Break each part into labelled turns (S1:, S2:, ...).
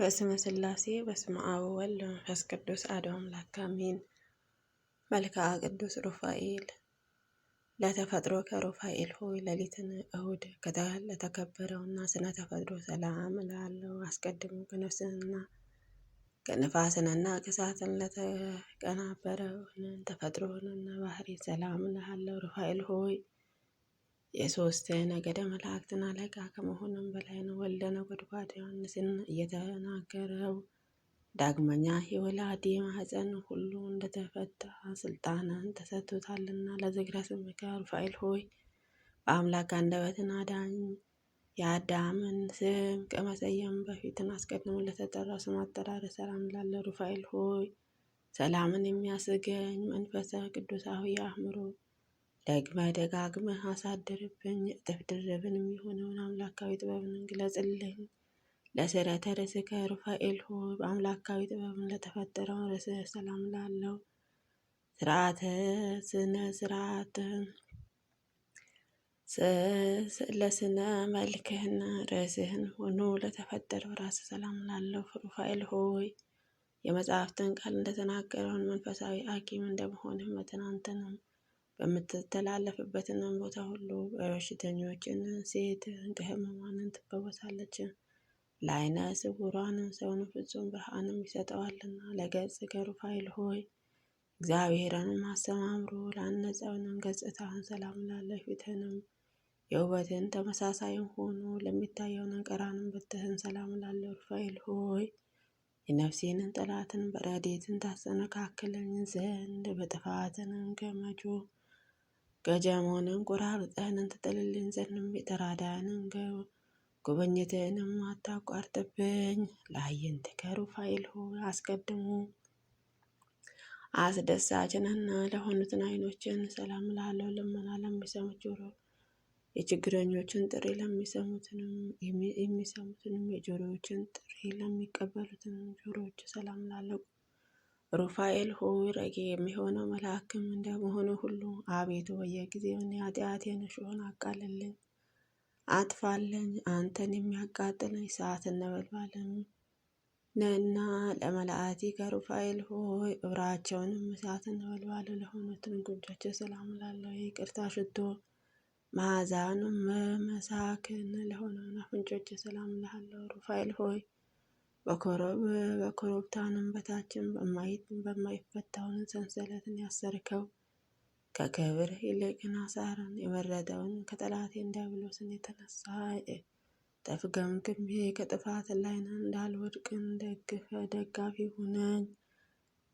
S1: በስመ ስላሴ በስመ አብ ወወልድ ወመንፈስ ቅዱስ አሐዱ አምላክ አሜን። መልክዓ ቅዱስ ሩፋኤል ለተፈጥሮ ከሩፋኤል ሆይ ሌሊትን እሁድ ለተከበረውና ስነ ተፈጥሮ ሰላም ላለው አስቀድሞ ከነፍስንና ከነፋስንና ከእሳትን ለተቀናበረውን ተፈጥሮንና ባህሪ ሰላም ላለው ሩፋኤል ሆይ የሶስት ነገደ መላእክትን አለቃ ከመሆኑም በላይ ነው ወልደ ነጎድጓድ ዮሐንስን እየተናገረው። ዳግመኛ የወላዲ ማህፀን ሁሉ እንደተፈታ ስልጣንን ተሰጥቶታልና ለዝክረ ስምከ ሩፋኤል ሆይ በአምላክ አንደበትን አዳኝ የአዳምን ስም ከመሰየም በፊትን አስቀድሞ ለተጠራው ስም አጠራር ሰላም ላለ ሩፋኤል ሆይ ሰላምን የሚያስገኝ መንፈሰ ቅዱሳዊ አእምሮ ደግመ ደጋግመ አሳድርብኝ እጥፍ ድርብንም የሚሆነውን አምላካዊ ጥበብን ግለጽልኝ። ለስረተ ርእስከ ሩፋኤል ሆይ በአምላካዊ ጥበብን ለተፈጠረው ርዕስህ ሰላም ላለው ስርዓተ ስነ ስርዓትህን ለስነ መልክህና ርዕስህን ሆኖ ለተፈጠረው ራስ ሰላም ላለው ሩፋኤል ሆይ የመጽሐፍትን ቃል እንደተናገረውን መንፈሳዊ ሐኪም እንደመሆንህ መተናንተንም በምትተላለፍበትንም ቦታ ሁሉ በሽተኞችን ሴት እንደ ሕሙማንን ትፈወሳለች። ለአይነ ስውሯን ሰውን ፍጹም ብርሃንም ይሰጠዋልና ለገጽ ከሩፋኤል ሆይ እግዚአብሔርን አሰማምሮ ላነጸውንም ገጽታህን ሰላም ላለህ ፊትህንም የውበትን ተመሳሳይም ሆኖ ለሚታየው ነገራንም ብትህን ሰላም ላለው ሩፋኤል ሆይ የነፍሴንን ጥላትን በረዴትን ታሰነካክለኝ ዘንድ በጥፋትንም ገመጆ ገጃሞንን ቆራርጠህን ትጥልልን ዘንድ የተራዳንን ጉብኝትህንም አታቋርጥብኝ። ለአይንት ከሩፋኤል ሆይ አስቀድሙ አስደሳችንና ለሆኑትን አይኖችን ሰላም ላለው ልመና ለሚሰሙት ጆሮ የችግረኞችን ጥሪ ለሚሰሙትንም የሚሰሙትንም የጆሮዎችን ጥሪ ለሚቀበሉትንም ጆሮዎች ሰላም ላለው ሩፋኤል ሆይ ረጌ የሚሆነው መልአክም እንደመሆኑ ሁሉ አቤቱ በየጊዜው እኔ ኃጢአቴን እሾህን አቃልልኝ አጥፋለኝ አንተን የሚያቃጥለኝ እሳት ነበልባልም ነና ለመላእክት ከሩፋኤል ሆይ እብራቸውንም እሳት ነበልባል ለሆኑትን ጉጆች ሰላም ላለው ይቅርታ ሽቶ መዓዛንም መሳክን ለሆነውን አፍንጮች ሰላም ላለው ሩፋኤል ሆይ በኮረብታንም በታችን በማይፈታውን ሰንሰለትን ያሰርከው ከክብር ይልቅ ናሳርን የመረጠውን ከጠላቴ ዲያብሎስን የተነሳ ጠፍገም ግሜ ከጥፋት ላይን እንዳልወድቅን ደግፈ ደጋፊ ሁነኝ።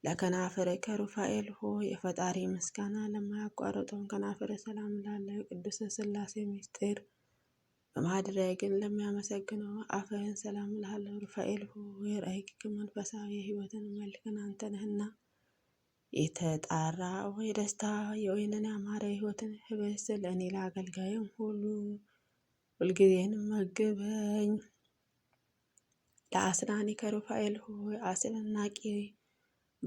S1: ለከናፍር ከሩፋኤል ሆ የፈጣሪ ምስጋና ለማያቋርጠውን ከናፍር ሰላም ላለ ቅዱስ ስላሴ ሚስጢር በማኅደራዊ ግን ለሚያመሰግነው አፍህን ሰላም እልሃለሁ ሩፋኤል ሆይ ራእይክ መንፈሳዊ ሕይወትን መልክን አንተ ነህና የተጣራ ወይ ደስታ የወይንን ያማረ ህይወትን ህብስ ለእኔ ለአገልጋዩም ሁሉ ሁልጊዜን መግበኝ። ለአስናኒ ከሩፋኤል ሆይ አስናቂ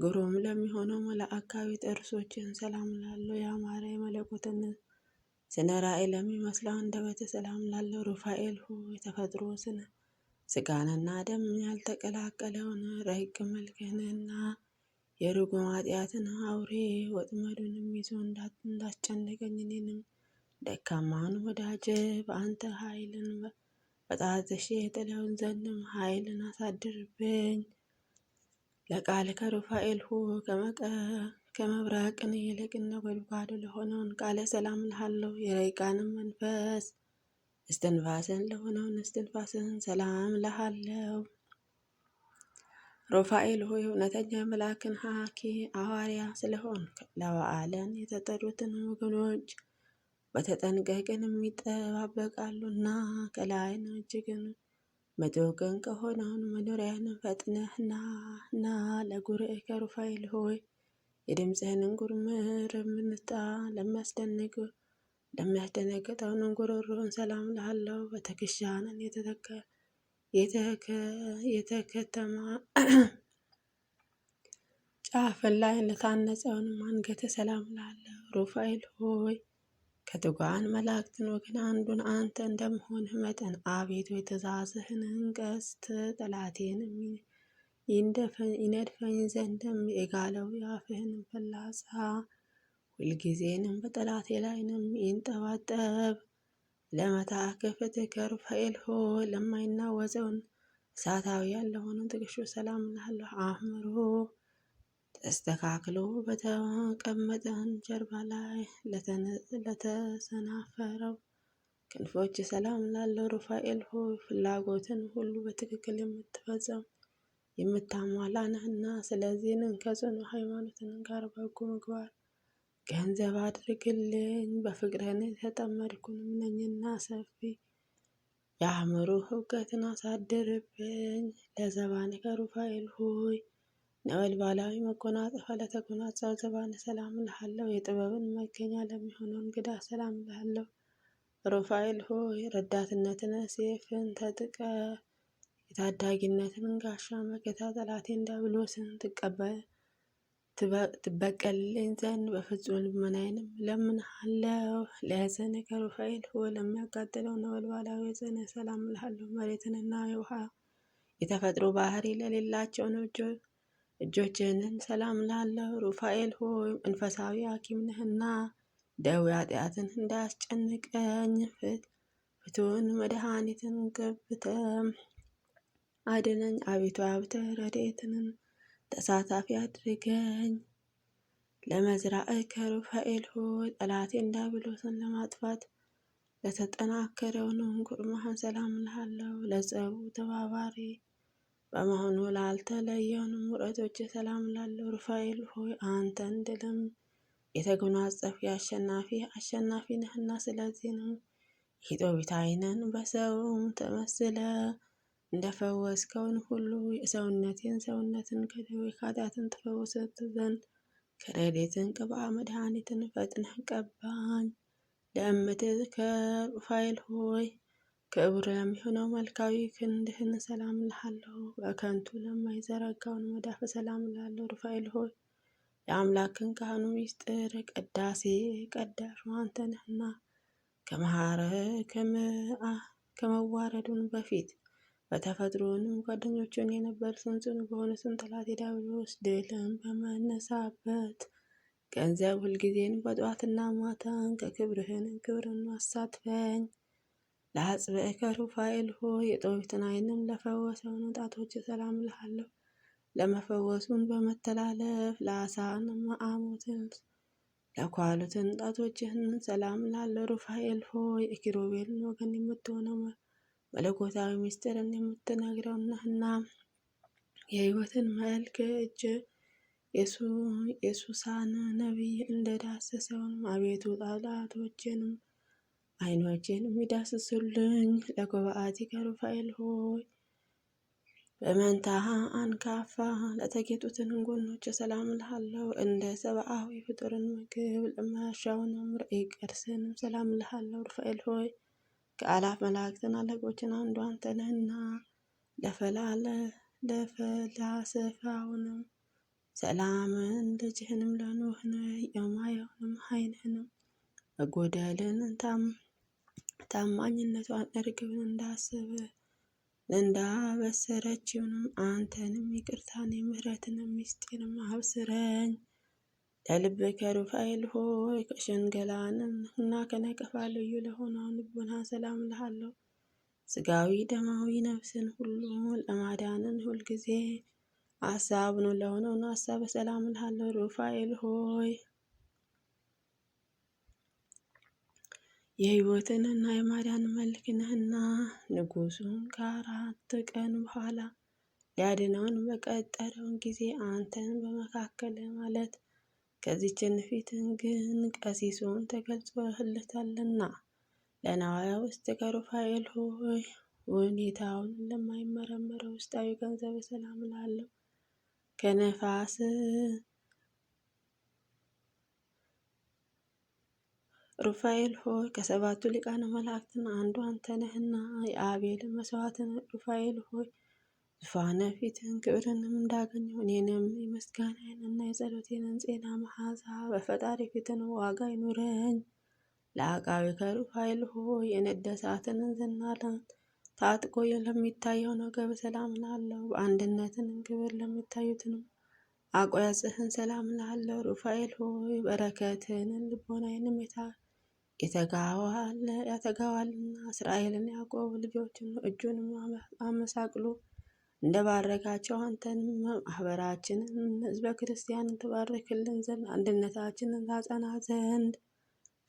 S1: ግሩም ለሚሆነው መላእካዊ ጥርሶችን ሰላም እላለሁ ያማረ የመለኮትን ስነ ራእይ ለሚመስለው አንደበት ሰላም ላለው ሩፋኤል ሆይ የተፈጥሮ ስነ ስጋንና ደም ያልተቀላቀለውን ረቂቅ መልክህንና የርጉም ኃጢአትን አውሬ ወጥመዱንም ይዞ እንዳስጨነቀኝ እኔንም ደካማን ወዳጄ በአንተ ኃይልን በጣትሽ የጥለውን ዘንም ኃይልን አሳድርብኝ። ለቃል ከሩፋኤል ሁ ከመቀ ከምብራቅን ይልቅ ነጎድጓድ ለሆነውን ቃለ ሰላም እልሃለሁ። የረቂቃንም መንፈስ እስትንፋስን ለሆነውን እስትንፋስን ሰላም እልሃለሁ። ሩፋኤል ሆይ እውነተኛ መልአክን ሐኪ አዋርያ ስለሆን ለበዓልን የተጠሩትን ወገኖች በተጠንቀቅን የሚጠባበቃሉና ከላይን እጅግን መቶ ቀን ከሆነውን መኖሪያን ፈጥነህና እና ለጉርእ ከሩፋኤል ሆይ የድምፅህን እንጉርምር ምንጣ ለሚያስደንቅ ለሚያስደነግጠው እንጉሮሮን ሰላም ላለው በትከሻህን የተተከ የተከተማ ጫፍን ላይ ለታነጸውን አንገተ ሰላም ላለው ሩፋኤል ሆይ ከትጉሃን መላእክትን ወገን አንዱን አንተ እንደመሆንህ መጠን አቤቱ የትእዛዝህን ቀስት ጠላቴን ይነድፈኝ ዘንድም የጋለው የአፍህንም ፍላጻ ሁልጊዜንም በጠላቴ ላይንም ይንጠባጠብ። ለመታክፍት ከሩፍ ሆ ለማይናወዘውን እሳታዊ ያለሆነ ትግሹ ሰላም ላለሁ አእምሮ ተስተካክሎ በተቀመጠን ጀርባ ላይ ለተሰናፈረው ክንፎች ሰላም ላለው ሩፋኤል ሆ ፍላጎትን ሁሉ በትክክል የምትፈጸም የምታሟላ ነህና ስለዚህንን ከጽኑ ሃይማኖትን ጋር በጎ ምግባር ገንዘብ አድርግልኝ። በፍቅረን የተጠመድኩንም ነኝና ሰፊ የአእምሮ እውቀትን አሳድርብኝ። ለዘባነ ከሩፋኤል ሆይ ነበልባላዊ መጎናጸፍ ለተጎናጸፈ ዘባነ ሰላም እልሃለሁ። የጥበብን መገኛ ለሚሆነው እንግዳ ሰላም እልሃለሁ። ሩፋኤል ሆይ ረዳትነትን ሴፍን ተጥቀ ታዳጊነትን ጋሻ መከታ ጠላቴን ዲያብሎስን ትቀበል ትበቀልልኝ ዘንድ በፍጹም ልመናዬንም እለምንሃለሁ። ለያዘነ ከሩፋኤል ሆይ ለሚያቃጥለው ነበልባላዊ የጽነ ሰላም እልሃለሁ። መሬትንና የውሃ የተፈጥሮ ባህሪ ለሌላቸው እጆች እጆችህንን ሰላም ላለው ሩፋኤል ሆይ መንፈሳዊ ሐኪም ነህና ደዌ ኃጢአትን እንዳያስጨንቀኝ ፍቱን መድኃኒትን ገብተም አድነኝ አቤቱ አብተ ረድኤትንም ተሳታፊ አድርገኝ። ለመዝራእ ከሩፋኤል ሆይ ጠላቴን ዲያብሎስን ለማጥፋት ለተጠናከረውንም ጉርማህን ሰላም እልሃለሁ። ለጸቡ ተባባሪ በመሆኑ ላልተለየውንም ምረቶች ሰላም እላለሁ። ሩፋኤል ሆይ አንተን ድልም የተጎናጸፍ አሸናፊ አሸናፊ ነህና ስለዚህ ነው ኢጦቢታዊነን በሰውም ተመስለ እንደፈወስከውን ሁሉ ሰውነቴን ሰውነትን ከደዌ ከኃጢአትን ትፈውሰት ዘንድ ከረድኤትን ቅብዓ መድኃኒትን ፈጥነህ ቀባኝ። ለእምትህ ከሩፋኤል ሆይ ክቡር ለሚሆነው መልካዊ ክንድህን ሰላም እልሃለሁ። በከንቱ ለማይዘረጋውን መዳፍ ሰላም እልሃለሁ። ሩፋኤል ሆይ የአምላክን ካህኑ ሚስጥር ቅዳሴ ቀዳሹ አንተ ነህና ከመሐረ ከመዋረዱን በፊት በተፈጥሮንም ጓደኞቹን የነበሩትን በሆነ በሆኑትን ጠላት የዲያብሎስ ድልን በመነሳበት ገንዘብ ሁልጊዜን በጠዋትና ማታን ከክብርህን ክብርን አሳትፈኝ። ለአጽብዕከ ሩፋኤል ሆይ የጦቢትን ዓይንም ለፈወሰውን ጣቶች ሰላም ልሃለሁ። ለመፈወሱን በመተላለፍ ለአሳን መዓሞትን ለኳሉትን ጣቶችህን ሰላም እላለሁ። ሩፋኤል ሆይ የኪሮቤልን ወገን የምትሆነው መለኮታዊ ምስጢርን የምትነግረው እና የሕይወትን መልክ እጅ የሱሳን ነቢይ እንደዳሰሰውን አቤቱ ጣጣቶችንም አይኖቼንም ይዳስሱልኝ። ለጉባኤቲከ ሩፋኤል ሆይ በመንታሃ አንካፋ ለተጌጡትን ጎኖች ሰላም እልሃለሁ። እንደ ሰብአዊ ፍጡርን ምግብ ለማያሻውንም ርዕይ ቅርስንም ሰላም እልሃለሁ። ሩፋኤል ሆይ ከአላፍ መላእክትን አለቆችን አንዱ አንተ ነህና ለፈላለ ለፈላስፋውንም ሰላምን ልጅህንም ለኖህነ የማየውንም ኃይልህንም መጎደልን ታማኝነቷን እርግብን እንዳስብ እንዳበሰረችውንም አንተንም ይቅርታን የምህረትንም ምስጢርም አብስረኝ። ከልብ ከሩፋኤል ሆይ ከሽንገላንም እና ከነቀፋ ልዩ ለሆነው ልቦና ሰላም ልሃለሁ። ስጋዊ ደማዊ ነፍስን ሁሉ ለማዳንን ሁልጊዜ ለሆነው ለሆነውን ሀሳብ ሰላም ልሃለሁ። ሩፋኤል ሆይ የሕይወትንና የማዳን መልክ ነህና ንጉሡን ከአራት ቀን በኋላ ሊያድነውን በቀጠረውን ጊዜ አንተን በመካከል ማለት ከዚህችን ፊትን ግን ቀሲሱን ተገልጾልታልና ለናዋያ ውስጥ ከሩፋኤል ሆይ ሁኔታውን ለማይመረመረው ውስጣዊ ገንዘብ ሰላም ላለው ከነፋስ ሩፋኤል ሆይ ከሰባቱ ሊቃነ መላእክትን አንዱ አንተ ነህና የአቤል መስዋዕትን ሩፋኤል ሆይ ዙፋነ ፊትን ክብርንም እንዳገኘው እኔንም የምስጋናዬን እና የጸሎቴንን ጤና መዓዛ በፈጣሪ ፊትን ዋጋ ይኑረኝ። ለአቃቤ ከሩቅ ኃይል ሆይ የንደሳትን ዝናን ታጥቆ ለሚታየው ነገር ሰላም ላለው በአንድነትን ክብር ለሚታዩትንም አቆያጽህን ሰላም ላለው ሩፋኤል ሆይ በረከትን ልቦናዬንም የታ የተጋዋል ያተጋዋልና እስራኤልን ያዕቆብ ልጆችን እጁን አመሳቅሎ እንደ ባረካቸው አንተንም ማህበራችንን ህዝበ ክርስቲያንን ትባርክልን ዘንድ አንድነታችንን ታጸና ዘንድ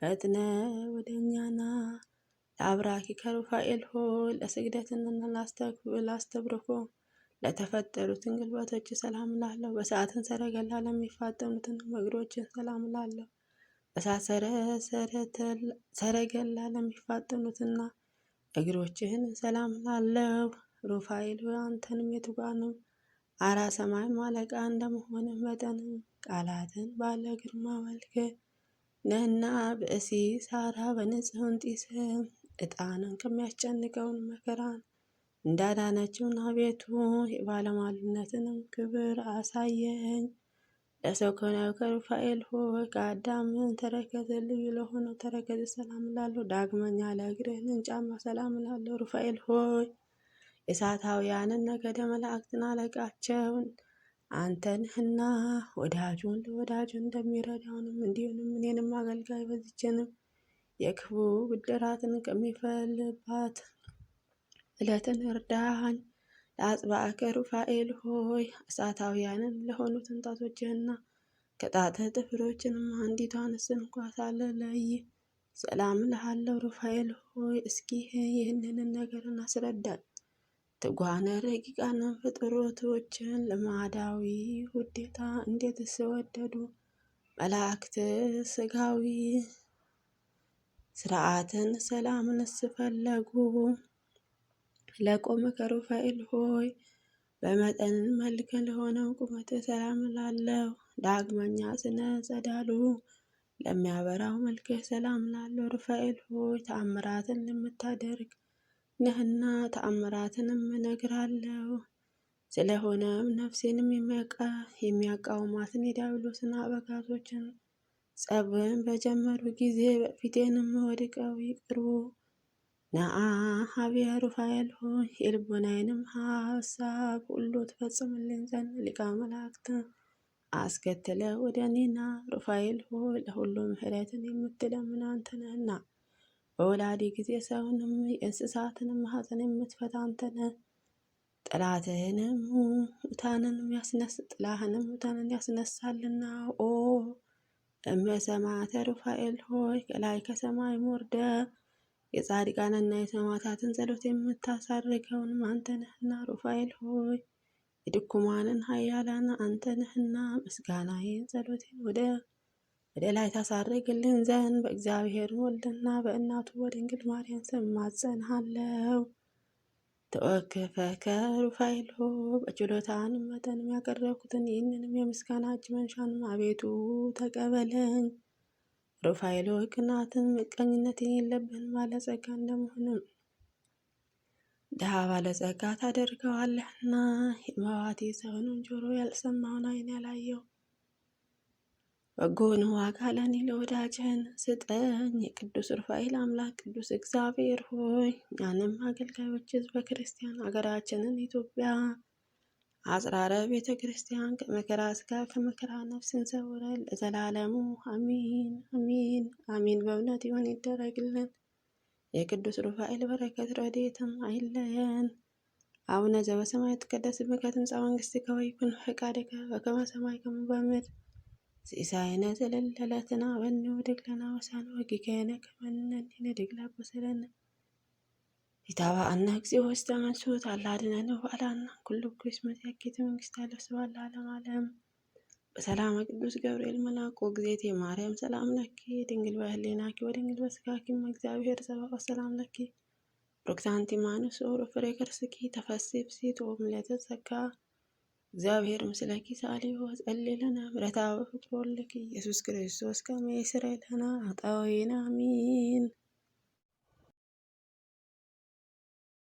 S1: ፈጥነ ወደ እኛና ለአብራኪ ከሩፋኤል ሆይ ለስግደትንና ላስተብርኮ ለተፈጠሩትን ግልበቶች ሰላም ላለሁ። በሰዓትን ሰረገላ ለሚፋጠኑትን እግሮችን ሰላም ላለሁ። በሳት ሰረገላ ለሚፋጠኑትና እግሮችህን ሰላም ላለሁ። ሩፋኤል ሆይ አንተንም የትጓንም አራ ሰማይ ማለቃ እንደመሆነ መጠን ቃላትን ባለ ግርማ መልክ ነህና ብእሲ ሳራ በንጽሕን ጢስ እጣንን ከሚያስጨንቀውን መከራን እንዳዳነችውን አቤቱ የባለሟልነትንም ክብር አሳየኝ። ለሰው ከሆነው ከሩፋኤል ሆይ ከአዳም ተረከዝ ልዩ ለሆነው ተረከዝ ሰላም እላለሁ። ዳግመኛ ለእግርህን ጫማ ሰላም እላለሁ። ሩፋኤል ሆይ የእሳታውያንን ነገደ መላእክትን አለቃቸውን አንተ ነህና ወዳጁን ወዳጁ እንደሚረዳውንም እንዲሁንም እኔንም አገልጋይ በዚችንም የክፉ ብድራትን ከሚፈልባት እለትን እርዳሃን። ለአጽባእከ ሩፋኤል ሆይ እሳታውያንን ለሆኑ ትንጣቶችህና ከጣተ ጥፍሮችንም አንዲቷን እስን ሳልለይ ሰላም እልሃለሁ ሩፋኤል ሆይ። እስኪ ይህንን ነገርን አስረዳን። ትጓነ ረቂቃንን ፍጥሮቶችን ልማዳዊ ውዴታ እንዴት ሲወደዱ መላእክት ስጋዊ ስርዓትን ሰላምን ስፈለጉ ለቆመ ከሩፋኤል ሆይ በመጠን መልክ ለሆነው ቁመት ሰላም ላለው ዳግመኛ ስነ ጸዳሉ ለሚያበራው መልክ ሰላም ላለው ሩፋኤል ሆይ ተአምራትን ለምታደርግ ነህና ተአምራትንም እነግራለሁ። ስለሆነም ነፍሴንም የሚያቃውማትን የዲያብሎስን አበጋዞችን ጸብን በጀመሩ ጊዜ በፊቴንም ወድቀው ይቅሩ። ነአ ሀቢያ ሩፋኤል ሆይ የልቦናዬንም ሀሳብ ሁሉ ትፈጽምልኝ ዘንድ ሊቀ መላእክት አስከትለ ወደ እኔና ሩፋኤል ሆይ ለሁሉም ምሕረትን የምትለምን አንተ ነህና በወላዲ ጊዜ ሰውንም የእንስሳትንም ሀዘን የምትፈታ አንተ አንተነ ጠላትህንም ሙታንንም ያስነስ ጥላህንም ሙታንን ያስነሳልና ኦ እመሰማዕተ ሩፋኤል ሆይ ከላይ ከሰማይ ሞርደ የጻድቃንና የሰማዕታትን ጸሎት የምታሳርገውን አንተ ነህና፣ ሩፋኤል ሆይ የድኩማንን ኃያላን አንተ ነህና፣ ምስጋናዬን ጸሎቴን ወደ ወደ ላይ ታሳርግልን ዘንድ በእግዚአብሔር ወልድና በእናቱ በድንግል ማርያም ስም ማጸንሃለው። ተወከፈ ከሩፋይሎ በችሎታን መጠን ያቀረብኩትን ይህንንም የምስጋና እጅ መንሻንም አቤቱ ተቀበለኝ። ሩፋኤሎ ቅናትን፣ ምቀኝነት የለብህን ባለጸጋ እንደመሆንም ድሃ ባለጸጋ ታደርገዋለህና የመዋቴ ሰውን ጆሮ ያልሰማውን አይን ያላየው በጎን ዋጋ ለኔ ለወዳጅህን ስጠኝ። የቅዱስ ሩፋኤል አምላክ ቅዱስ እግዚአብሔር ሆይ እኛንም አገልጋዮች ህዝበ ክርስቲያን ሀገራችንን ኢትዮጵያ አጽራረ ቤተ ክርስቲያን ከመከራ ስጋ ከመከራ ነፍስን ሰውረን ለዘላለሙ አሚን አሚን አሚን። በእውነት ይሁን ይደረግልን። የቅዱስ ሩፋኤል በረከት ረድኤትም አይለየን። አቡነ ዘበሰማያት ይትቀደስ ስምከ ትምጻእ መንግስትከ ወይኩን ፈቃድከ በከመ በሰማይ ከመ በምድር ሲሳይነ ዘለለለትና ወኑ ድግለና ወሳነ ወጊጋየነ ከመንነኒ ንድግላ በሰለነ ኢታባ አነ እግዚኦ ውስተ አላድነን ባላና ኩሉ ክርስመት ያኬተ መንግስት ያለፍ ስባላ ዓለም በሰላም ቅዱስ ገብርኤል መልአኩ እግዝእቴ ማርያም ሰላም ለኪ ድንግል በህሌናኪ ወድንግል በስጋኪም እግዚአብሔር ሰብአ ሰላም ለኪ ፕሮክታንቲ ማኑስ ኦሮ ፍሬ ከርስኪ ተፈስሒ ብሲት ኦ ጸጋ እግዚአብሔር ምስለኪ ሳሊሁ ወጸልለና ምረታ በፍቅሮ ለኪ ኢየሱስ ክርስቶስ ከመ ይስረይ ለነ ኃጣውኢነ አሜን።